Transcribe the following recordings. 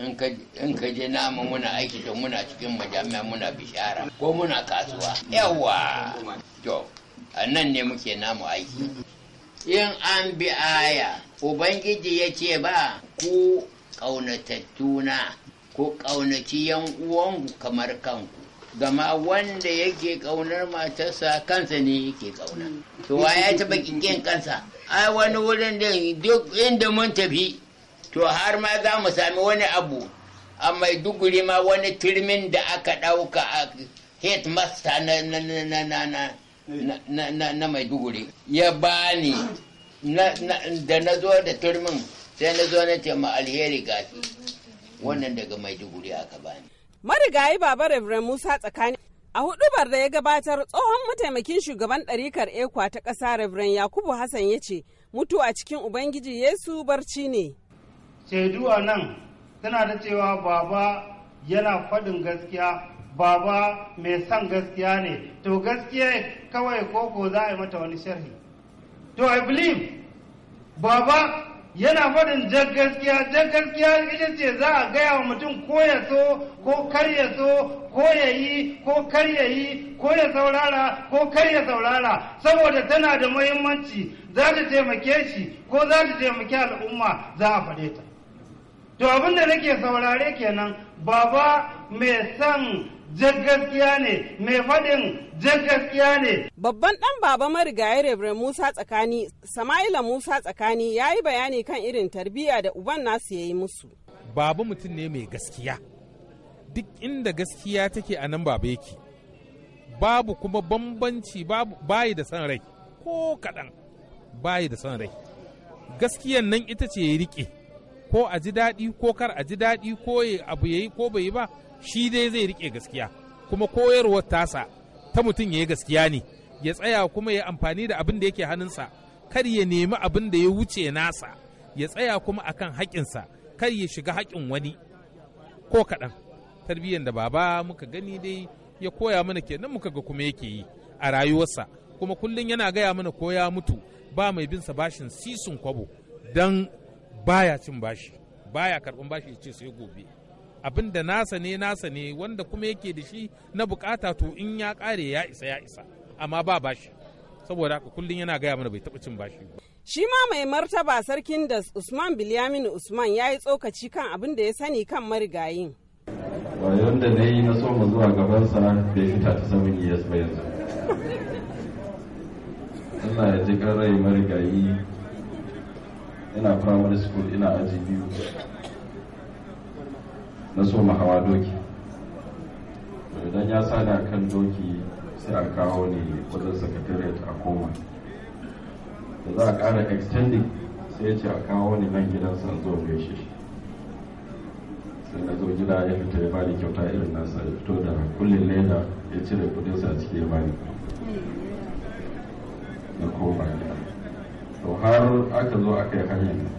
in ka je namu muna aiki to muna cikin majami'a muna bishara ko muna kasuwa yawa to a nan ne muke namu aiki in an bi aya ubangiji ya ce ba ku ƙaunatattuna ko ƙaunaci yan uwanku kamar kanku gama wanda yake ƙaunar matarsa kansa ne yake ƙauna to wa ya taɓa ƙinƙin kansa ai wani wurin da duk inda mun tafi to har ma za mu sami wani abu a maiduguri ma wani turmin da aka ɗauka a headmaster na na na na na na na na maiduguri ya bani da na zo da turmin sai na zo na ce ma alheri gashi wannan daga maiduguri aka bani marigayi baba reverend musa tsakani A hudubar da ya gabatar tsohon mataimakin shugaban ɗarikar ekwa ta ƙasa Reverend Yakubu Hassan ya ce, mutuwa cikin Ubangiji Yesu barci ne. shaidu a nan tana da cewa baba yana faɗin gaskiya baba mai son gaskiya ne to gaskiya kawai koko za a yi mata wani sharhi to i believe baba yana faɗin jan gaskiya jan gaskiya ita ce za a gaya wa mutum ko ya so ko kar ya so ko ya yi ko kar ya yi ko ya saurara ko kar ya saurara saboda tana da muhimmanci za ta taimake shi ko za ta taimake al'umma za a faɗe ta to abin da nake saurare kenan baba mai son gaskiya ne mai faɗin gaskiya ne. Babban ɗan baba marigayi Reverend Musa Tsakani, Sama'ila Musa Tsakani ya yi bayani kan irin tarbiyya da uban nasu ya yi musu. Baba mutum ne mai gaskiya, duk inda gaskiya take a nan baba yake. Babu kuma bambanci bayi da son rai, ko kaɗan bayi da son rai. Gaskiyan nan ita ce ya riƙe. ko a ji daɗi ko kar a ji daɗi ko abu ya yi ko bai yi ba shi dai zai riƙe gaskiya kuma koyarwar tasa ta mutum ya yi gaskiya ne ya tsaya kuma ya amfani da abin da yake hannunsa kar ya nemi abin da ya wuce nasa ya tsaya kuma akan haƙinsa kar ya shiga haƙin wani ko kaɗan tarbiyyar da baba muka gani dai ya koya mana kenan muka ga kuma yake yi a rayuwarsa kuma kullum yana gaya mana ko ya mutu ba mai bin sa bashin sisin kwabo don baya cin bashi baya karɓan bashi ya ce sai gobe abin da nasa ne nasa ne wanda kuma yake da shi na bukata to in ya ƙare ya isa ya isa amma ba bashi saboda haka kullum yana gaya mana bai taɓa cin bashi ba. Shi ma mai martaba sarkin da Usman Bilyamin Usman ya yi tsokaci kan abin da ya sani kan marigayin. Wajen da na yi na so mu zuwa gabansa bai fita ta yes ba yanzu. Allah ya ji rai marigayi ina primary school ina aji biyu na so mu hawa doki idan ya sada kan doki sai a kawo ne wajen secretariat a koma da za a ƙara extending sai ya ce a kawo ne nan gidan san zo mai shi sai na zo gida ya fita ya bani kyauta irin nasa ya fito da kullin leda ya cire kudinsa a cikin ya bani na koma gida to har aka zo aka yi hanyar nan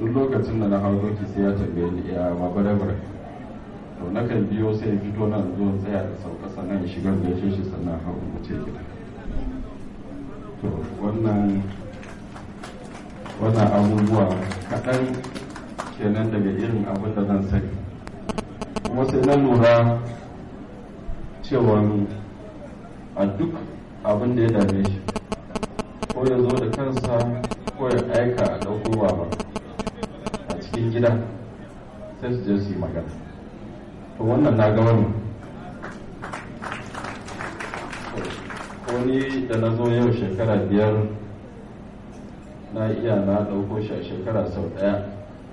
duk lokacin da na hau doki sai ya tambaye ni ya ma barabar to na kan biyo sai ya fito nan zo tsaya da sauka sannan ya shigar da shi sannan hau in wuce gida to wannan wannan abubuwa kaɗan kenan daga irin abin da zan sani kuma sai na lura cewa a duk abin da ya dame shi ko ya zo da kansa ko ya aika a ɗaukowa ba a cikin gida sai su je su yi magana to wannan na ga wani wani da na zo yau shekara biyar na iya na ɗauko shi a shekara sau ɗaya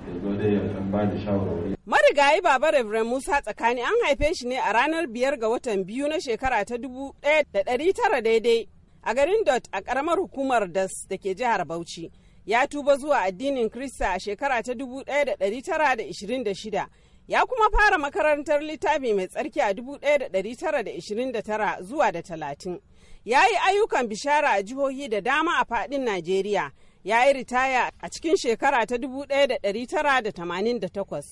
ya zo dai ya ba da shawarwari marigayi baba Reverend Musa tsakani an haife shi ne a ranar biyar ga watan biyu na shekara ta dubu ɗaya da ɗari tara daidai a garin dot a karamar hukumar das da ke jihar bauchi ya tuba zuwa addinin krista a shekara ta 1926 ya kuma fara makarantar littafi mai tsarki a 1929 zuwa da talatin ya yi ayyukan bishara a jihohi da dama a fadin najeriya ya yi ritaya a cikin shekara ta 1988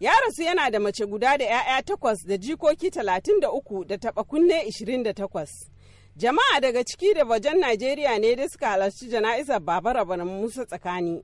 ya rasu yana da mace guda da 'ya'ya takwas da jikoki 33 da taɓa kunne Jama'a daga ciki da wajen Najeriya ne da suka halarci jana'izar Babara Musa tsakani.